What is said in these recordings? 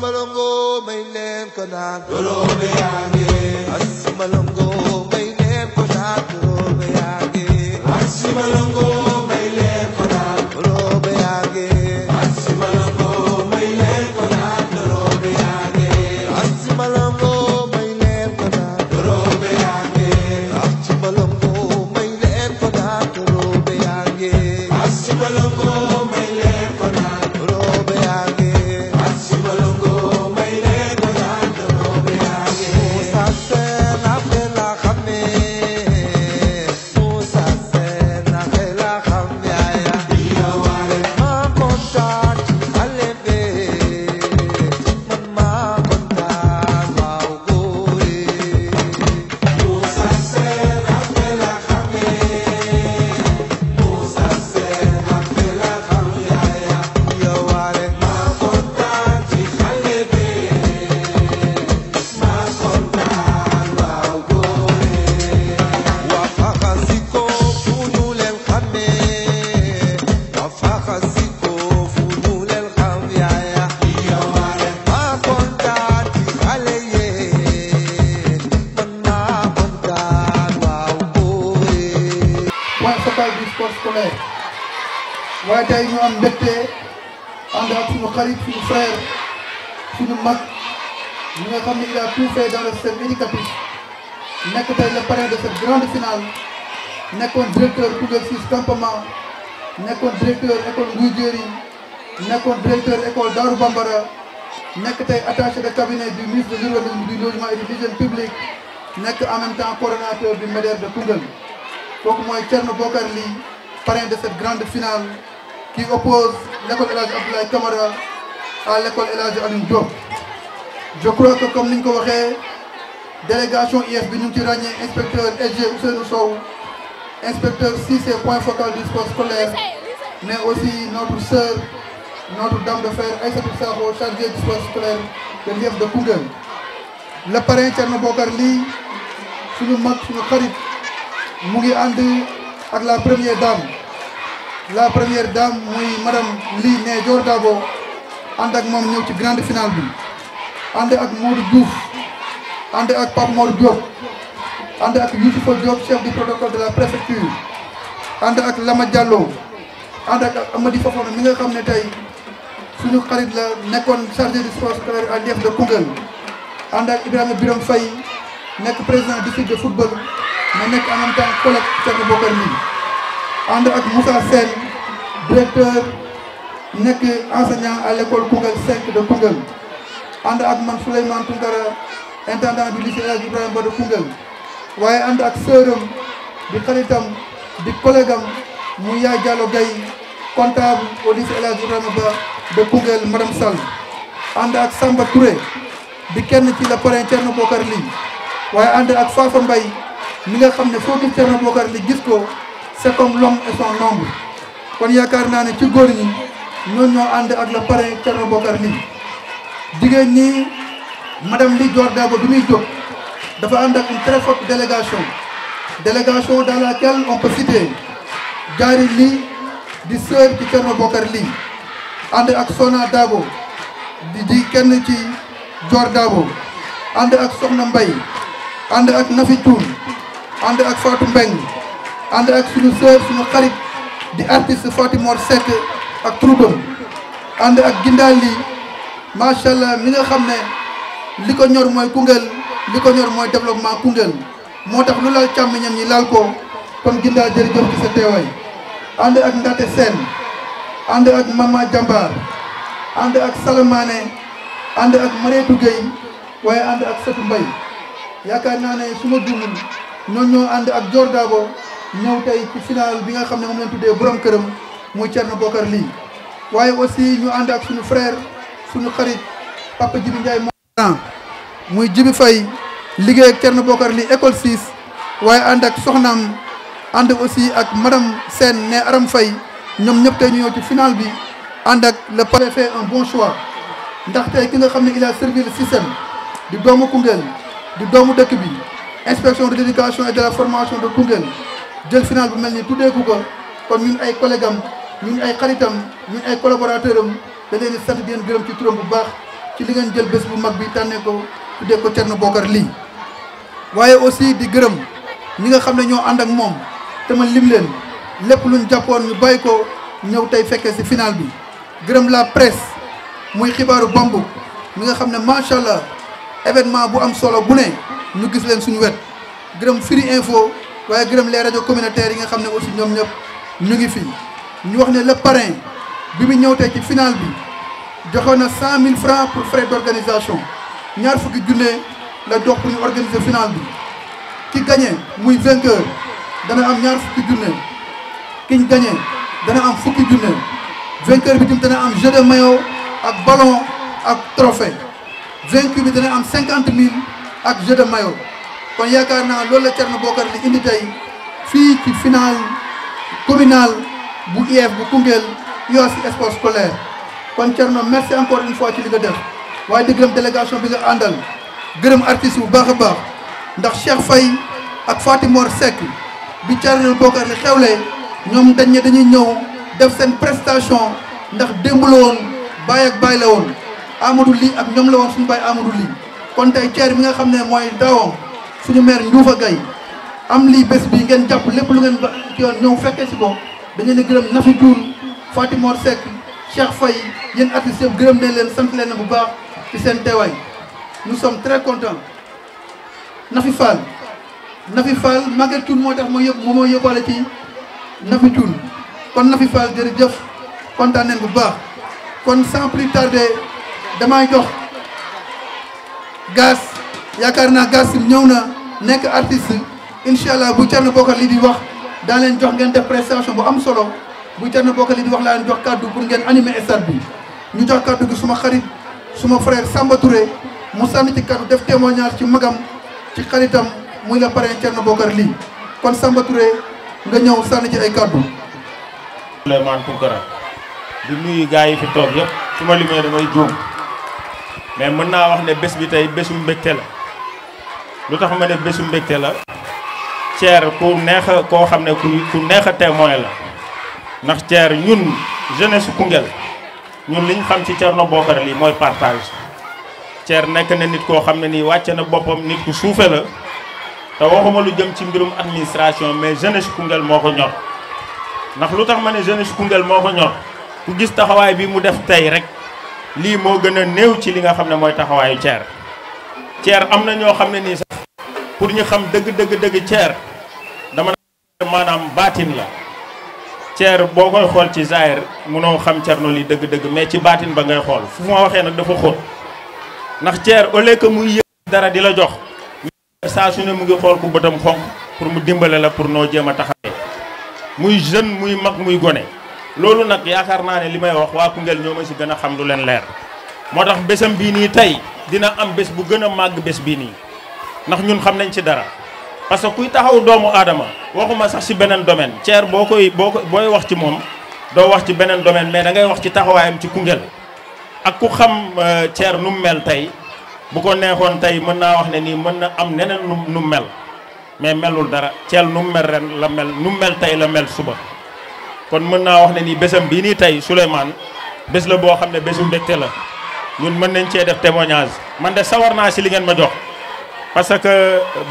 malongo may leen ko naan doroobe yaa ngi as malongo may leen ko naan doroobe yaa ngi as malongo fait dans le secteur éducatif nekk tey le parrain de cette grande finale nekkoon directeur Koungheul 6 campement nekkoon directeur école Ngouye Diéry nekkoon directeur école Darou Bambara nekk tey attaché de cabinet du ministre de l'urbanisme du logement et de l'hygiène publique nekk en même temps de Koungheul kooku mooy Thierno Bokar Ly parrain de cette grande finale qui oppose l'école El Hadj Abdoulaye Camara à l'école El je crois que comme ni ñu ko waxee délégation IF bi ñu ci ràññee inspecteur SG Ousseynou Sow inspecteur Cissé point focal du sport scolaire mais aussi notre sœur notre dame de fer Aïssatou Sakho chargée du sport scolaire de l'IF de Koungheul le parrain Thierno Bokar Ly suñu mag suñu xarit mu ngi ànd ak la première dame la première dame muy madame Ly ne Dior Dabo ànd ak moom ñëw ci grande finale bi ànd ak Modou Diouf ànd ak Pape Mor Diop ànd ak Youssoufa Diop chef du protocole de la préfecture ànd ak Lama Diallo ànd ak Amady Fofana mi nga xam ne tey suñu xarit la nekkoon chargé de sport scolaire à l'IEF de Koungheul ànd ak Ibrahima Birame Faye nekk président du club de football mais nekk en même temps collègue Thierno Bokar mi ànd ak Moussa Sène directeur nekk enseignant à l'école Koungheul 5 de Koungheul ànd ak man Souleymane Tounkara intendant bi lycée El Hadj Ibrahima Bada Koungheul waaye ànd ak sëram di xaritam di collègue am mu yaay Diallo Gaye comptable au lycée El Hadj Ibrahima Ba de Koungheul madame Sall ak Samba Touré di kenn ci la parrain Thierno Bokar Ly waaye ànd ak Fafa Mbaye mi nga xam ne foo gis Thierno Bokar Ly gis ko c'est comme l'homme et son kon yaakaar naa ne ci góor ñi ñoo ak la parrain Thierno Bokar Ly jigéen ñi madame Ly Dior Dabo bi muy jóg dafa ànd ak une très forte délégation délégation dans laquelle on peut citer di sœur ci Thierno Bokar Ly ànd ak Sona Dabo di di kenn ci Dior Dabo ànd ak Soxna Mbaye ànd ak Nafi Thioune ak Fatou Mbeng ànd ak suñu sœur suñu xarit di artiste Fatimor Seck ak troubam ànd ak Gindaal macha allah mi nga xam ne li ko ñor mooy Koungheul li ko ñor mooy développement Koungheul moo tax lu laal càmmiñam ñi laal ko kon gindaa jërëjëf ci sa teewaay ànd ak Ndate Sène ànd ak Mama Jambar ànd ak Salamane ànd ak Mariétou Gueye waaye ànd ak Sëtu Mbay yaakaar naa ne su ma juumul ñooñu ñoo ànd ak Dior Dabo ñëw tey ci bi nga xam ne moom lañ tuddee borom këram muy Thierno Bokar lii waaye aussi ñu ak suñu frère suñu xarit papa Jibi Ndiaye moom muy Jibi fay liggéey ak Thierno Bokar li école 6 waaye ànd ak soxnaam ànd aussi ak madame Sène ne Aram fay ñoom ñëpp tey ñu ñëw ci final bi ànd ak le préfet fait un bon choix ndax tey ki nga xam ne il a servi le système di doomu Koungheul di doomu dëkk bi inspection de l'éducation et de la formation de Koungheul jël final bu mel ni tuddee ko kon ñun ay collègues am ñun ay xaritam ñun ay collaborateurs am da leen di sant gërëm ci turam bu baax ci li ngeen jël bés bu mag bi tànnee ko tuddee ko Thierno Bokar lii waaye aussi di gërëm ñi nga xam ne ñoo ànd ak moom te ma lim leen lépp luñ jàppoon ñu bàyyi ko ñëw tey fekkee ci final bi gërëm la presse muy xibaaru bambu mi nga xam ne macha allah événement bu am solo bu ne ñu gis leen suñu wet gërëm Firi foo waaye gërëm les rajo communautaires yi nga xam ne aussi ñoom ñëpp ñu ngi fi ñu wax ne le parrain bi mu ñëw tey ci bi joxe na cent mille francs pour frais d'organisation ñaar fukki junne la jox pour ñu organiser bi ki gagné muy vainqueur dana am ñaar fukki junne kiñ gagné dana am fukki junne vainqueur bi tamit dana am jeu ak ballon ak trophée vaincu bi dana am cinquante mille ak jeu de maillot kon yaakaar naa loolu la Thierno Bocar li indi tey fii ci final communal bu IEF bu Koungheul yor si sport scolaire kon Thierno merci encore une fois ci li nga def waaye di gërëm délégation bi nga àndal gërëm artiste bu baax a baax ndax Cheikh Faye ak Fatimor Seck bi Thierno Bokar li xewlee ñoom dañ ne dañuy ñëw def seen prestation ndax démb la woon bàyyi ak bàyyi la woon Amadou lii ak ñoom la woon suñu bàyyi Amadou Ly kon tey Thierno bi nga xam ne mooy daawam suñu maire a Gaye am lii bés bi ngeen jàpp lépp lu ngeen ba yoon ñëw fekkee Fatimor Seck Cheikh Faye yéen artistes yëpp gërëm nañ leen sant leen bu baax ci seen teewaay nous sommes très contents Nafi Fall Nafi Fall moo tax ma yóbbu moo ma yóbbaale ci Nafi Thioune kon Nafi Fall jëf kontaan bu baax kon sans plus damay jox gaz yaakaar naa gaz ñëw na nekk artiste incha allah bu Thierno Bokar lii di wax daa leen jox ngeen def prestation bu am solo. bu Thierno Bocoly di wax laa leen jox kàddu pour ngeen animer stade bi ñu jox kàddu gi suma xarit suma frère Samba Touré mu sànni ci kàddu def témoignage ci magam ci xaritam muy la parrain Thierno Bocoly lii kon Samba nga ñëw sànni ci ay kàddu. Souleymane Tounkara di nuyu gars yi fi toog yëpp su ma limee damay juum mais mën naa wax ne bés bi tey bésu mbégte la lu tax ma ne bésu mbégte la Thier ku neex koo xam ne ku neex a témoin la. ndax ceer ñun jeunesse su Koungheul ñun liñ xam ci Thierno Bocar lii mooy partage ceer nekk na nit koo xam ne nii wàcce na boppam nit ku suufe la te waxuma lu jëm ci mbirum administration mais jeunesse su moo ko ñor ndax lu tax ma ne jeunesse su Koungheul moo ko ñor ku gis taxawaay bi mu def tey rek lii moo gën a néew ci li nga xam ne mooy taxawaayu ceer ceer am na ñoo xam ne nii sax pour ñu xam dëgg dëgg dëgg ceer dama maanaam baatin la ceer boo koy xool ci zaahir munoo xam cerno li dëgg-dëgg mais ci baatin ba ngay xool fu ma waxee nag dafa xóot ndax ceer au lieu muy yëg dara di la jox saa su ne mu ngi xool ku bëtam xonq pour mu dimbale la pour noo jéem a taxawee muy jeune muy mag muy gone loolu nag yaakaar naa ne li may wax waa Koungheul ñoo ma si gën a xam lu leen leer moo tax bésam bii nii tey dina am bés bu gën a màgg bés bii nii ndax ñun xam nañ ci dara parce que kuy taxaw doomu aadama waxuma sax ci beneen domaine Thier boo koy boo ko booy wax ci moom doo wax ci beneen domaine mais dangay wax ci taxawaayam ci Koungheul ak ku xam Thier euh, nu mu mel tey bu ko neexoon tey mën naa wax ne nii mën na am neneen nu mel mais melul dara Thier nu mu mel ren la mel nu mu mel tey la mel suba kon mën naa wax ne nii bésam bii nii tey Souleymane bés la boo xam ne bésu mbégte la ñun mën nañ cee def témoignage man de sawar naa si li ngeen ma jox parce que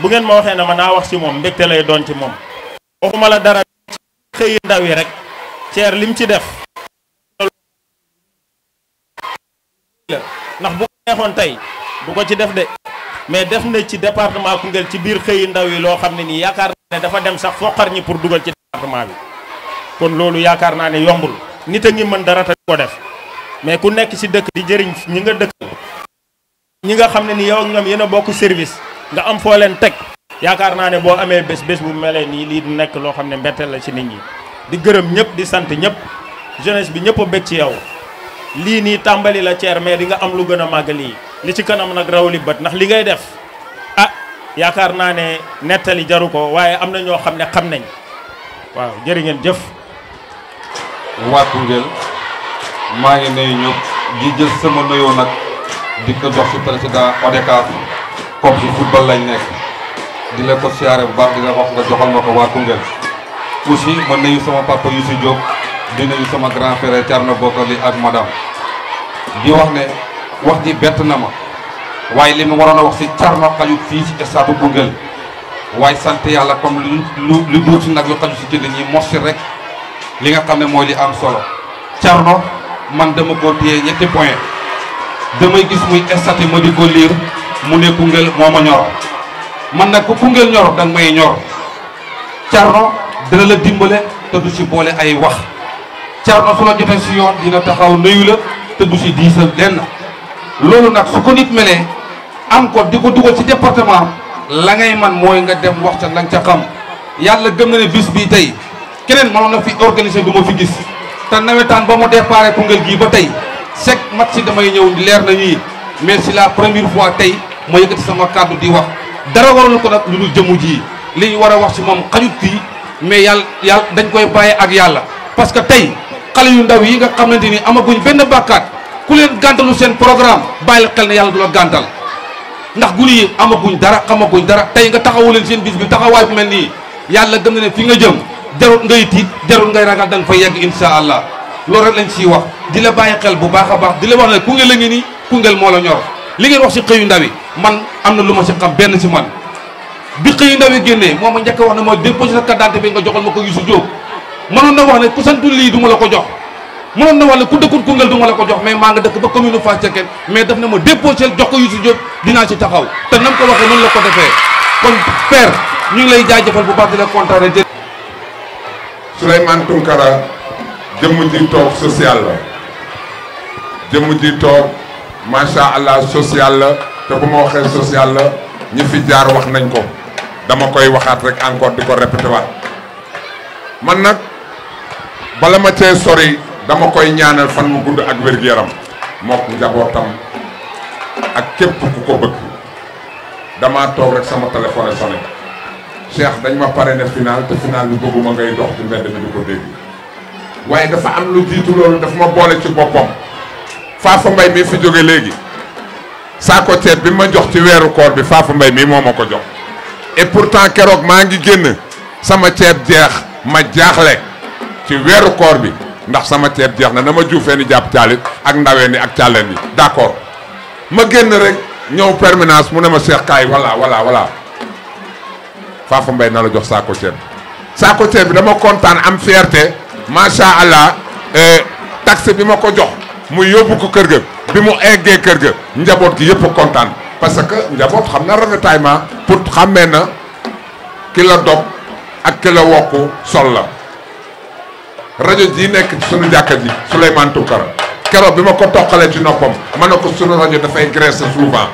bu ngeen ma waxee na ma naa wax ci moom mbégte lay doon ci moom. waxuma la dara xëy ndaw yi rek. ceer lim ci def. ndax bu ko tey bu ko ci def de mais def na ci département Koungheul ci biir xëy ndaw yi loo xam ne nii yaakaar naa ne dafa dem sax foqar ñi pour dugal ci département bi. kon loolu yaakaar naa ne yombul nit a ngi mën dara te ko def mais ku nekk ci dëkk di jëriñ ñi nga dëkk ñi nga xam ne ni yow ak ñoom yéen a bokk service. nga am foo leen teg yaakaar naa ne boo amee bés bés bu melee nii lii du nekk loo xam ne mbetteel la ci nit ñi di gërëm ñëpp di sant ñëpp jeunesse bi ñëpp a bég ci yow lii nii tàmbali la ceer mais di nga am lu gën a màgg lii li ci kanam nag raw li bët ndax li ngay def ah yaakaar naa ne nettali jaru ko waaye am na ñoo xam ne xam nañ waaw jërë jëf waa Koungheul maa ngi nuyu ñëpp di jël sama nuyoo nag di ko jox si président ODCAV comme si football lañ nekk di la ko siyaare bu baax di la wax nga joxal ma ko waa Koungheul aussi ma nuyu sama papa Youssou Diop di nuyu sama grand frère Thierno Bokkali ak madame di wax ne wax ji bett na ma waaye li ma waroon a wax si Thierno xajut fii ci stade Koungheul waaye sant yàlla comme lu lu lu duuti nag lu xaju si jënd ñi mos si rek li nga xam ne mooy li am solo Thierno man dama ko téye ñetti point damay gis muy stade ma di ko liir mu ne Koungheul moo ma ñor man nag ku Koungheul ñor danga may ñor Thierno dina la dimbale te du ci boole ay wax Thierno su la jotee si yoon dina taxaw nuyu la te du ci diisal lenn loolu nag su ko nit melee am ko di ko dugal ci département la ngay man mooy nga dem wax ca la ca xam yàlla gëm na ne bis bii tey keneen mënoon na fi organiser du ma fi gis te nawetaan ba mu déparé Koungheul gii ba tey chaque match si damay ñëw leer na ñii mais c'est la première fois tey ma yëkkati sama kàddu di wax dara warul ko nag lu dul jëmu ji li ñu war a wax ci moom xajut fii mais yàll yàlla dañ koy bàyyee ak yàlla parce que tey xale yu ndaw yi nga xamante ni amaguñ benn bàkkaat ku leen gàntalu seen programme bàyyi xel ne yàlla du la gàntal ndax guni yi amaguñ dara xamaguñ dara tey nga taxawu leen seen bis bi taxawaay bu mel nii yàlla gëm na ne fii nga jëm jarul ngay tiit jarul ngay ragal da nga fa yegg insha allah loolu rek lañ ciy wax di la bàyyi xel bu baax a baax di wax ne Koungheul la ngi nii Koungheul moo la ñor li ngeen wax si xëyu ndaw yi man am na lu ma si xam benn si man bi xëyu ndaw yi génnee moom ma njëkk wax ne ma déposé sa carte d'identité bi nga joxal ma ko Youssou Diop mënoon na wax ne ku santu lii duma la ko jox mënoon na wax ne ku dëkkul Koungheul du ma la ko jox mais maa nga dëkk ba commune Fass Cekkeen mais daf ne ma déposé jox ko Youssou Diop dinaa ci taxaw te nam ko waxee noonu la ko defee kon père ñu ngi lay jaajëfal bu baax di la kontaane jë Souleymane Tounkara jëmm ji toog social ji toog macha allah social la te bu ma waxee social la ñi fi jaar wax nañ ko dama koy waxaat rek encore di ko répété waat man nag bala ma cee sori dama koy ñaanal fan mu gudd ak wér-gu-yaram mook njabootam ak képp ku ko bëgg damaa toog rek sama téléphone sonné Cheikh dañ ma pare ne final te final bi bëgguma ngay dox ci mbedd mi di ko dégg waaye dafa am lu jiitu loolu dafa ma boole ci boppam. faafa mbay mi fi jóge léegi saako ceeb bi ma jox ci weeru koor bi faafa mbay mi moo ma ko jox et pourtant keroog maa ngi génn sama ceeb jeex ma jaaxle ci weeru koor bi ndax sama ceeb jeex na na ma juufee ni jàpp caalit ak ndawee ni ak càlleen yi d'accord ma génn rek ñëw permanence mu ne ma seex kaay walla voilà voilà faafa mbay na la jox saako ceeb saako ceeb bi dama kontaan am fierté macha allah euh, taxe bi ma ko jox muy yóbbu ko kër ga bi mu eggee kër gi njaboot gi yëpp kontaan parce que njaboot xam na rafetaay ma pour xàmmee na ki la dog ak ki la wokku sol la rajo ji nekk ci sunu jàkka ji Souleymane Tounkara keroog bi ma ko toqalee ci noppam ma ne ko sunu rajo dafay graisser souvent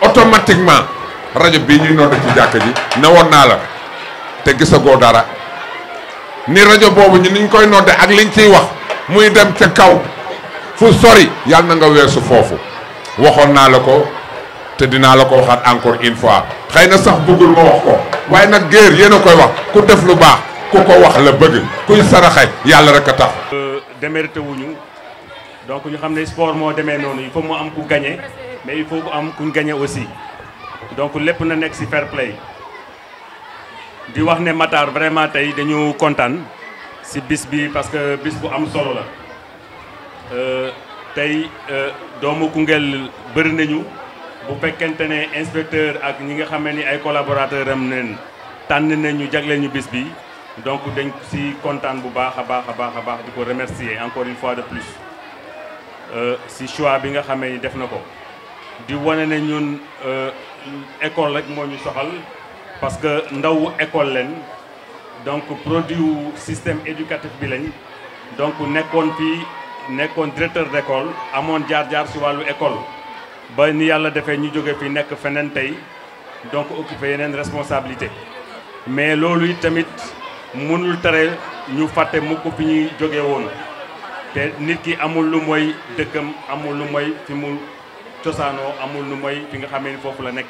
automatiquement rajo bi ñuy nodd ci jàkka ji ne woon naa la te gisagoo dara ni rajo boobu ñu niñ koy nodde ak liñ ciy wax muy dem ca kaw fu sori yàlla na nga weesu foofu waxoon naa la ko te dinaa la ko waxaat encore une fois xëy na sax buggul ma wax ko waaye nag géer yéen a koy wax ku def lu baax ku ko wax la bëgg kuy saraxe yàlla rek a tax euh, démérité wuñu donc ñu xam ne sport moo demee noonu il faut mu am ku gagné mais il faut mu am kuñ gagné aussi donc lépp na nekk ci fair di wax ne Matar vraiment tey dañu kontaan si bis bi parce que bis bu am solo la euh, tey euh, doomu Koungheul bëri nañu bu fekkente ne inspecteur ak ñi nga xamee ni ay collaborateur am neen tànn ñu jagleel ñu bis bi donc dañ si kontaan bu baax a baax a baax a baax di ko remercier encore une fois de plus euh, si choix bi nga xamee ni def na ko di wane ne ñun école rek moo ñu soxal parce que ndaw école leen donc produit wu système éducatif bi lañ donc nekkoon fii nekkoon directeur d'école amoon jaar-jaar si wàllu école ba ni yàlla defee ñu jóge fi nekk feneen tey donc occupé yeneen responsabilité mais loolu it tamit mënul tere ñu fàtte mukk fi ñuy jóge woon te nit ki amul lu mooy dëkkam amul lu moy fi mu cosaanoo amul lu mooy fi nga xamee ni foofu la nekk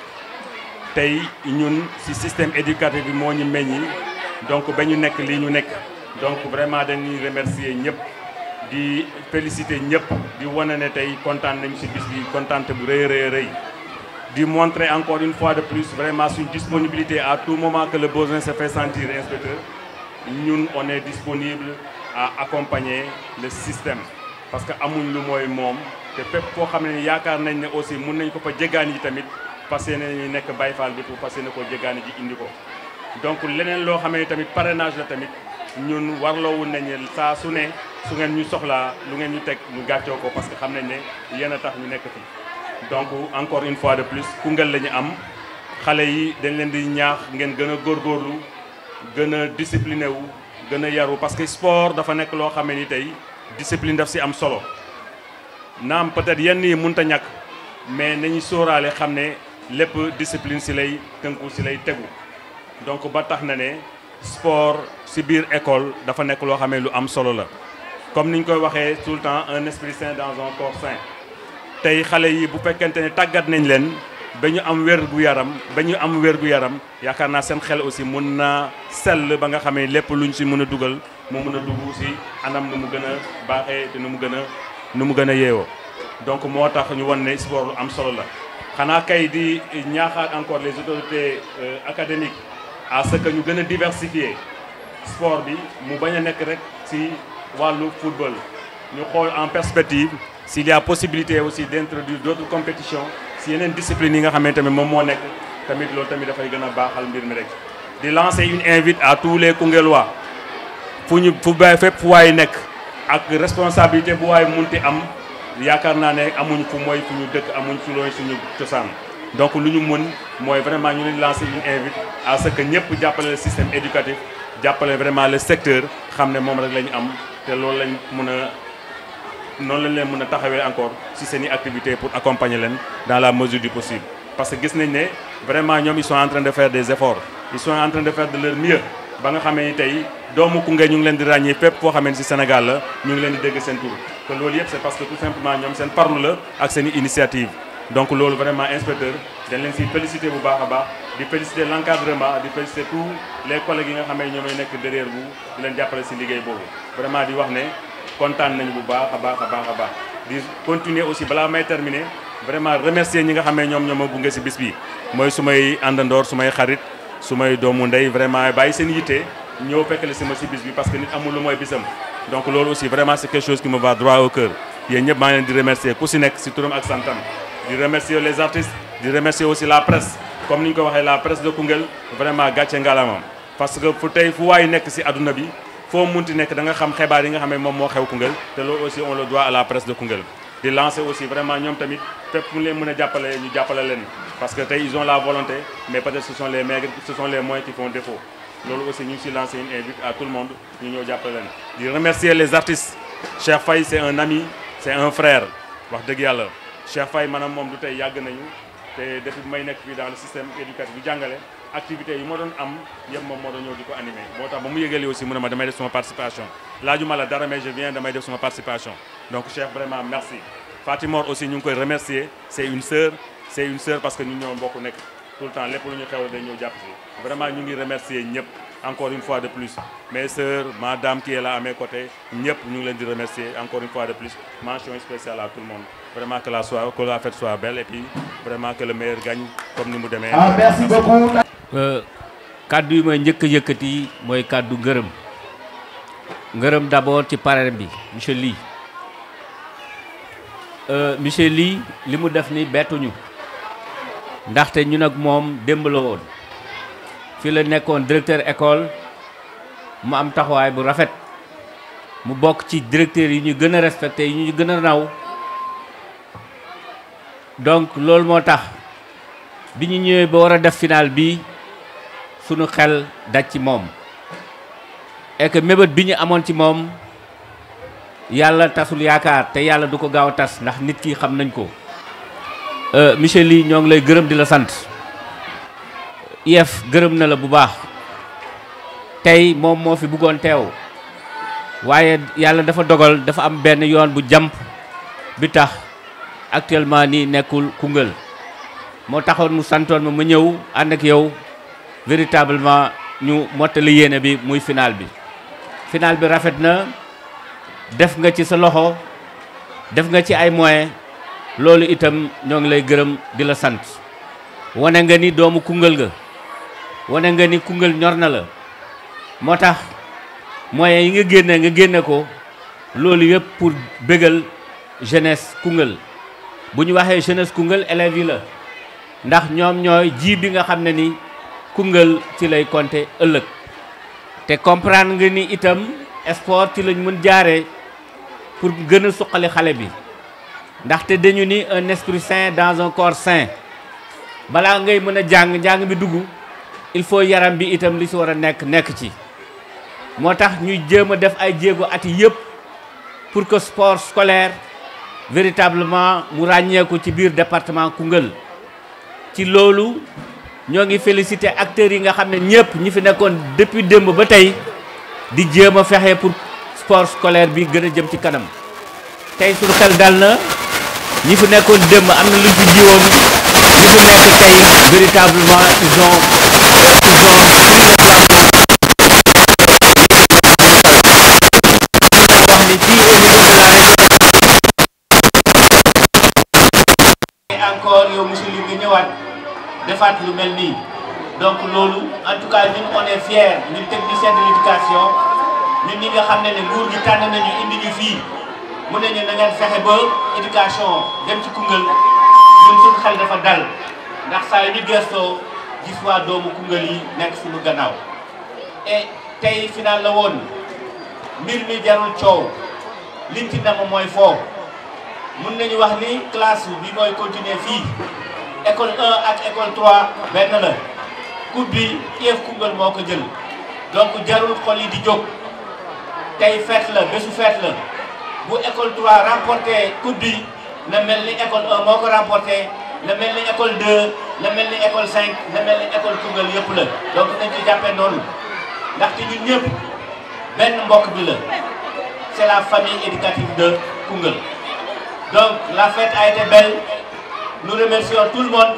tey ñun si système éducatif bi moo ñu meññi donc ba ñu nekk lii ñu nekk donc vraiment dañuy remercier ñëpp di féliciter ñëpp di wane ne tey kontaan nañu ci bis bi kontaan bu rëy rëy rëy di montrer encore une fois de plus vraiment suñu disponibilité à tout moment que le besoin se fait sentir inspecteur ñun on est disponible à accompagner le système parce que amuñ lu mooy moom te fépp foo xam ne yaakaar nañ ne aussi mun nañ ko fa jéggaan yi tamit fas yéene ñu nekk bay Fall bi pour fas yéene ko jéggaani ji indi ko donc leneen loo xamee tamit parenage la tamit ñun warloowu nañu saa su ne su ngeen ñu soxlaa lu ngeen ñu teg ñu gàccoo ko parce que xam nañ ne yéen a tax ñu nekk fi donc encore une fois de plus Koungheul la ñu am xale yi dañ leen di ñaax ngeen gën a góorlu gën a discipliné wu gën a yaru parce que sport dafa nekk loo xamee ni tey discipline daf si am solo naam peut-être yenn yi mënut a ñàkk mais nañu sóoraale xam ne lépp discipline si lay tënku si lay tegu donc ba tax na ne sport si biir école dafa nekk loo xamee lu am solo la comme ni koy waxee tout le temps un esprit sain dans un corps sain tey xale yi bu fekkente ne tàggat nañ leen ba ñu am wér gu yaram ba ñu am wér gu yaram yaakaar naa seen xel aussi mun naa sell ba nga xamee lépp luñ si mën a dugal mu mën a dugg si anam nu mu gën a baaxee te nu mu gën a nu mu gën a yeewoo donc moo tax ñu won ne sport lu am solo la xanaa kay di ñaaxaat encore les autorités euh, académiques à que ñu gën a diversifier sport bi mu bañ a nekk rek ci wàllu football ñu xool en perspective si y a possibilité aussi d'introduire d'autres compétitions si yeneen discipline yi nga xamante ne moom moo nekk tamit loolu tamit dafay gën a baaxal mbir mi rek di lancer une invite à tous les Kounguellois fu ñu fu bay fépp fu waay nekk ak responsabilité bu waay munti am yaakaar naa ne amuñ fu mooy fu ñu dëkk amuñ fu looy suñu cosaan donc lu ñu mën mooy vraiment ñu leen lancer une invite à ce que ñëpp jàppale le système éducatif jàppale vraiment le secteur xam ne moom rek la ñu am te loolu lañ mën a noonu lañ leen mën a taxawee encore ci seen i activité pour accompagner leen dans la mesure du possible parce que gis nañ ne vraiment ñoom ils sont en train de faire des efforts ils sont en train de faire de leur mieux ba nga xamee tey doomu Koungheul ñu ngi leen di ràññee fépp foo xamee ni ci Sénégal ñu ngi leen di dégg seen tur te loolu yëpp ñoom seen parlu la ak donc loolu vraiment inspecteur dañ leen si félicité bu baax a baax di félicité l' encadrement di félicité tous les collègues yi nga xam ne ñoom nekk derrière bu di leen jàppale si liggéey boobu vraiment di wax ne kontaan nañu bu baax a baax a baax a baax di continuer aussi balaa may terminer vraiment remercier ñi nga xam ne ñoom ñoo ma si bis bi mooy su may àndandoor su may xarit su may doomu ndey vraiment bàyyi seen yitte ñëw fekkale si ma si bis bi parce que nit amul lu loolu aussi vraiment c' est quelque chose qui me leen di remercier ku si nekk si turam ak santam di remercier les artistes di remercier aussi la presse comme ni ñu ko waxee la presse de Koungheul vraiment gàcce ngalamam parce que fu tey fu waay nekk si adduna bi foo munti nekk da nga xam xibaar yi nga xam ne moom moo xew Koungheul te loolu aussi on le doit à la presse de Koungheul di lancer aussi vraiment ñoom tamit fépp fu leen mën a jàppale ñu jàppale leen parce que tey ils ont la volonté mais peut-être ce sont les maigres ce sont les moyens loolu aussi ñu si lancer une invite à tout le monde ñu ñëw jàppale leen di dëgg yàlla Cheikh Faye maanaam moom du tey yàgg nañu te depuis may nekk fii dans le système éducatif bi jàngale activité yi moo doon am yëpp moom moo doon ñëw di ko animé moo tax ba mu yëgalee aussi mu ne ma damay def sama participation laajuma la dara mais je viens damay def sama participation donc Cheikh vraiment merci Fatimor aussi ñu ngi koy remercier c' est une sœur c' une sœur parce que ñu ñoo bokk nekk tout le temps lépp lu ñu xew day jàpp si vraiment ngi remercier ñëpp encore une fois de plus mes sœurs madame qui ñëpp ñu ngi leen di remercier encore une fois Vraiment que la, soirée, que la vraiment que le meilleur gagne mu demee. ah merci euh, yi mooy njëkk a yëkkati mooy kaddu ngërëm ngërëm d'abord ci parrain bi monsieur Ly euh, monsieur Ly li mu def ni bettuñu ndaxte ñu nag moom démb la woon fii la nekkoon directeur école mu am taxawaay bu rafet mu bokk ci directeur yi ñu gën a respecté yi ñu gën a naw. donc loolu moo tax bi ñu ñëwee ba war a def final bi sunu xel daj ci moom et mébét bi ñu amoon ci moom yàlla tasul yaakaar te yàlla du ko gaaw a tas ndax nit ki xam nañ ko euh, monsieur Ly ñoo ngi lay gërëm di la sant IEF gërëm na la bu baax tey moom moo fi buggoon teew waaye yàlla dafa dogal dafa am benn yoon bu jàmp bi tax actuellement nii nekkul Koungheul moo taxoon mu santoon ma ma ñëw ànd ak yow véritablement ñu mottali yéene bi muy final bi final bi rafet na def nga ci sa loxo def nga ci ay moyens loolu itam ñoo ngi lay gërëm di la sant wane nga ni doomu Koungheul nga wane nga ni Koungheul ñor na la moo tax moyens yi nga génne nga génne ko loolu yëpp pour bégal jeunesse Koungheul bu ñu waxee jeunesse Koungheul élèves yi la ndax ñoom ñooy ji bi nga xam ne ni Koungheul ci lay compter ëllëg te comprendre nga ni itam sport ci lañ mën jaaree pour gën a suqali xale bi ndaxte dañu ni un esprit sain dans un corps sain balaa ngay mën a jàng jàng bi dugg il faut yaram bi itam li si war a nekk nekk ci moo tax ñuy jéem a def ay jéego ati yëpp pour que sport scolaire véritablement mu ràññeeku ci biir département Koungheul ci loolu ñoo ngi félicité acteurs yi nga xam ne ñëpp ñi fi nekkoon depuis démb ba tey di jéem a fexe pour sport scolaire bi gën a jëm ci kanam tey suñu xel dal na ñi fi nekkoon démb am na luñ fi jiwoon ñi fi nekk tey véritablement ils encore yow musulman nga ñëwaat defaat lu mel nii donc loolu en tout cas ñun on est fiers ñun technicien de l'éducation ñun ñi nga xam ne ne nguur gi tànn nañu indi ñu fii mu ne ñu na ngeen fexe ba éducation dem ci Koungheul ñun suñu xel dafa dal ndax saa yu ñu gëstoo gis waa doomu Koungheul yi nekk suñu gannaaw et tey final la woon mbir mi jarul coow liñ ci dama mooy foofu mën nañu wax ni classe bi mooy continuer fii école 1 ak école 3 benn la coupe bi IEF Koungheul moo ko jël donc jarul xol yi di jóg tey fête la bésu fête la bu école 3 remporté coupe bi na mel ni école 1 moo ko remporté na mel ni école 2 na mel ni école 5 na mel école Koungheul yëpp la donc nañ ci jàppee noonu ndaxte ñun ñëpp benn mbokk bi la c'est la famille éducative de Donc la fête a lu belle. Nous remercions tout le monde.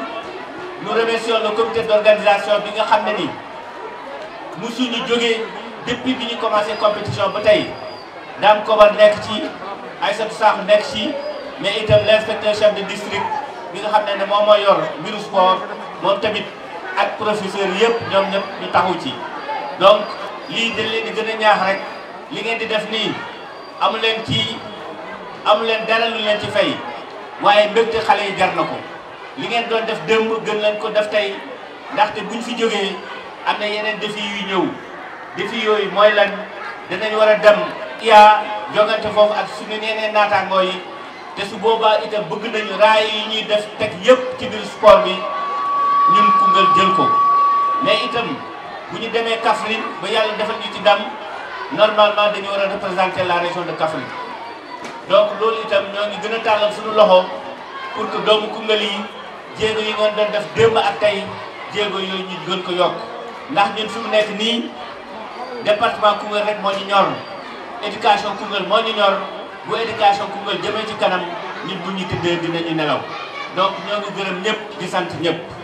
Nous remercions le comité d'organisation bi nga xam ne nii musuñu jóge depuis bi ñu commencé compétition ba tey Dame Kobar nekk ci sa Sakho nekk ci mais itam l'inspecteur chef de district bi nga xam ne ne moom mooy yor mbiru sport moom tamit ak professeur yëpp ñoom ñëpp ñu taxu ci donc lii dañ leen di gën a ñaax rek li ngeen di def nii amu leen ci amu leen dara lu leen ci fay waaye mbégte xale yi jar na ko li ngeen doon def démb gën leen ko def tey ndaxte buñ fi jógee am na yeneen défi yuy ñëw défi yooyu mooy lan danañu war a dem iyaa jogante foofu ak suñu yeneen naataangoo yi te su boobaa itam bëgg nañu raay yi ñuy def teg yëpp ci biir sport bi ñun Koungheul jël ko mais itam bu ñu demee Kaffrine ba yàlla defal ñu ci ndam normalement dañu war a représenter la région de Kaffrine donc loolu itam ñoo ngi gën a tàllal sunu loxo pour que doomu Koungheul yi jéego yi ngeen doon def démb ak tey jéego yooyu ñu gën ko yokk ndax ñun fu mu nekk nii département Koungheul rek moo ñu ñor éducation Koungheul moo ñu ñor bu éducation Koungheul jëmee ci kanam ñun bu ñu tëddee dinañu nelaw donc ñoo ngi gërëm ñëpp di sant ñëpp.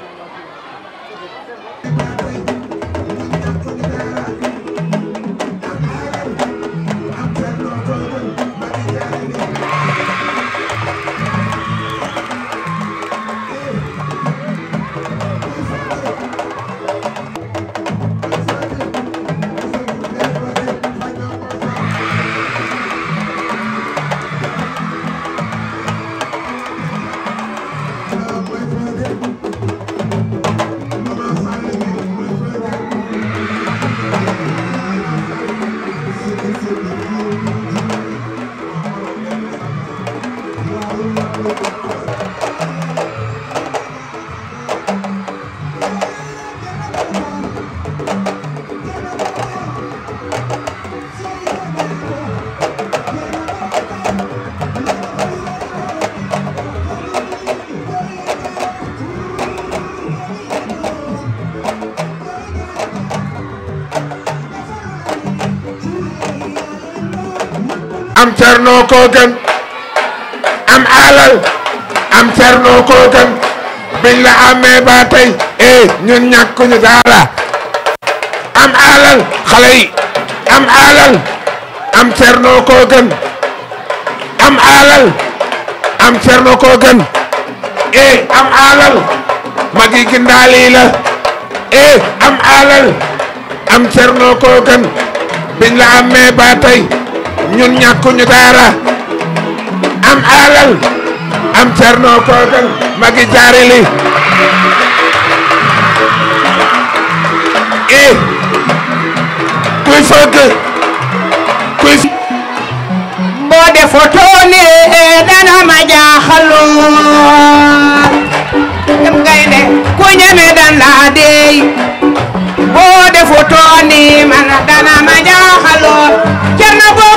koo gën am alal am cerno koo la amee ba tey eh ñun ñàkkuñu dara am alal xale am alal am cerno koo am alal am cerno koo eh, eh, am alal am alal am la amee ba ñun ñàkkuñu dara am alal am cerno kookan magi jaarili e kuy fëgg kuy mboode fotooni e, dana ma jaaxalu dem gaynde dan laa dey mboode fotooni man dana ma jaaxaloo cerno boo